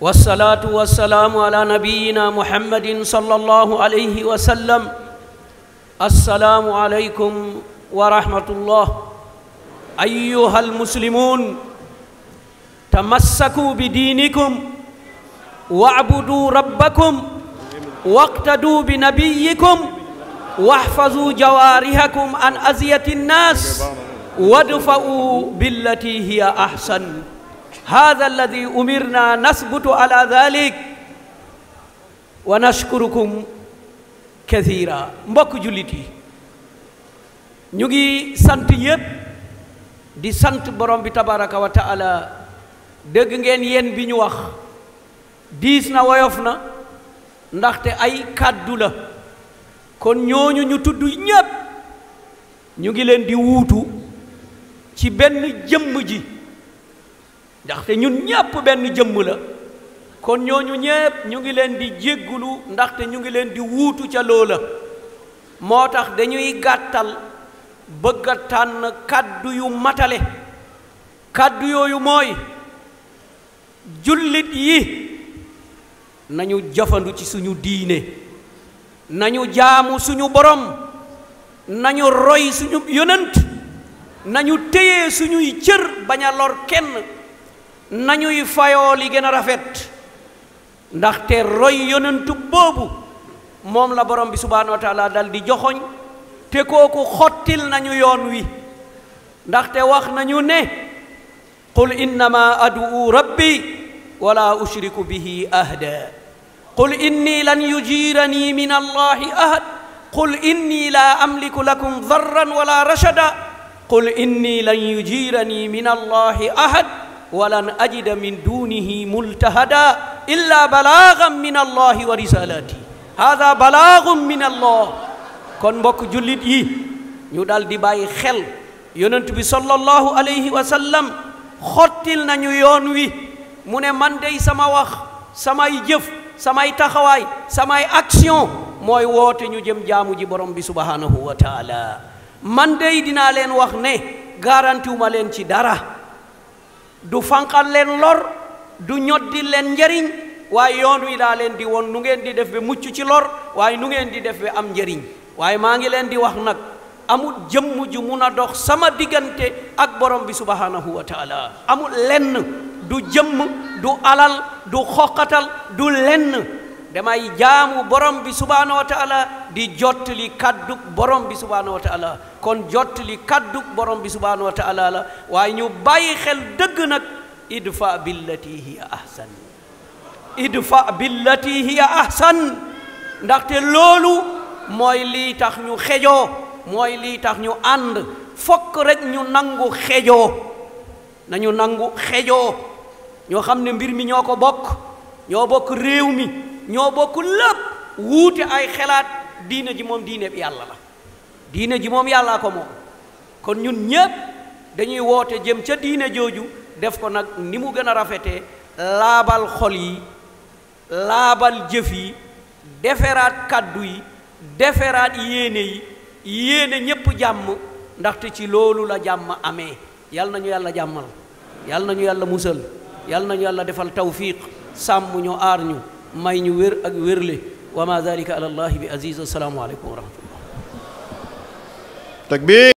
والصلاة والسلام على نبينا محمد صلى الله عليه وسلم السلام عليكم ورحمة الله أيها المسلمون تمسكوا بدينكم واعبدوا ربكم واقتدوا بنبيكم واحفظوا جوارحكم عن أذية الناس وادفعوا بالتي هي أحسن هذا الذي أمرنا نثبت على ذلك ونشكركم كثيرا mbokk jullit yi ñu ngi sant yépp di sant borom bi tabaraka wa dégg ngeen yéen bi ñu wax diis na woyof na ndaxte ay kàddu la kon ñooñu ñu tudd ñépp ñu ngi leen di wuutu ci benn jëmm ji ndaxte ñun ñépp benn jëmm la kon ñooñu ñépp ñu ngi leen di jéggulu ndaxte ñu ngi leen di wuutu ca loola moo tax dañuy gàttal bëgg a tànn kàddu yu matale kàddu yooyu mooy jullit yi nañu jafandu ci suñu diine nañu jaamu suñu borom nañu roy suñu yonent nañu téye suñuy cër bañ a lor kenn nañuy fayoo li gën a rafet ndaxte roy yonentu boobu moom la borom bi subhaanahu wa taala joxoñ te kooku xottil nañu yoon wi ndaxte wax nañu ne qul innama ad'u rabbi wala ushriku bihi ahda qul inni lan yujirani min allahi ahad qul inni la amliku lakum darran wala rachada qul inni lan yujirani min allahi ahad walan ajida min dunihi multahada illa balaagan min allahi wa risalati hada balaagum min allah kon mbokk jullit yi ñu dal di bàyyi xel yonent bi sallallahu alayhi xottil nañu yoon wi mu ne man dey sama wax samay jëf samay taxawaay samay action mooy woote ñu jëm jaamu ji borom bi subhanahu wa taala man dey dinaa leen wax ne garantiwuma leen ci dara du fanqal leen lor du ñoddi leen njariñ waaye yoon wi daa leen di woon nu ngeen di def ba mucc ci lor waaye nu ngeen di def bi am njariñ waaye maa ngi leen di wax nag amul jëmm ju mun a dox sama diggante ak borom bi subhanahu wa taala amul lenn du jëmm du alal du xoqatal du lenn damay jaamu borom bi subhaanahu wa taala di jottali kàddug borom bi subhaanahu wa kon jottali kàddug borom bi subhaanahu wa taala la waaye ñu bàyyi xel dëgg nag idfa billati hiya ahsan idfa billati hiya ahsan ndaxte loolu mooy lii tax ñu xejoo mooy lii tax ñu ànd fokk rek ñu nangu xejoo nañu nangu xejoo ñoo xam ne mbir mi ñoo ko bokk ñoo bokk réew mi ñoo bokk lépp wuute ay xelaat diina ji moom diine bi yàlla la diine ji moom yàllaa ko moom kon ñun ñépp dañuy woote jëm ca diine jooju def ko nag ni mu gën a rafetee laabal xol yi laabal jëf yi deferaat kàddu yi deferaat yéene yi yéene ñépp jàmm ndaxte ci loolu la jàmm amee yal na ñu yàlla jàmmal yal na ñu yàlla musal yal na ñu yàlla defal tawfiq sàmm ñu aar ñu may ñu wér ak wérle wa ma dalika ala allahi bi aziz assalaamu aleykum wa rahmatullah takbir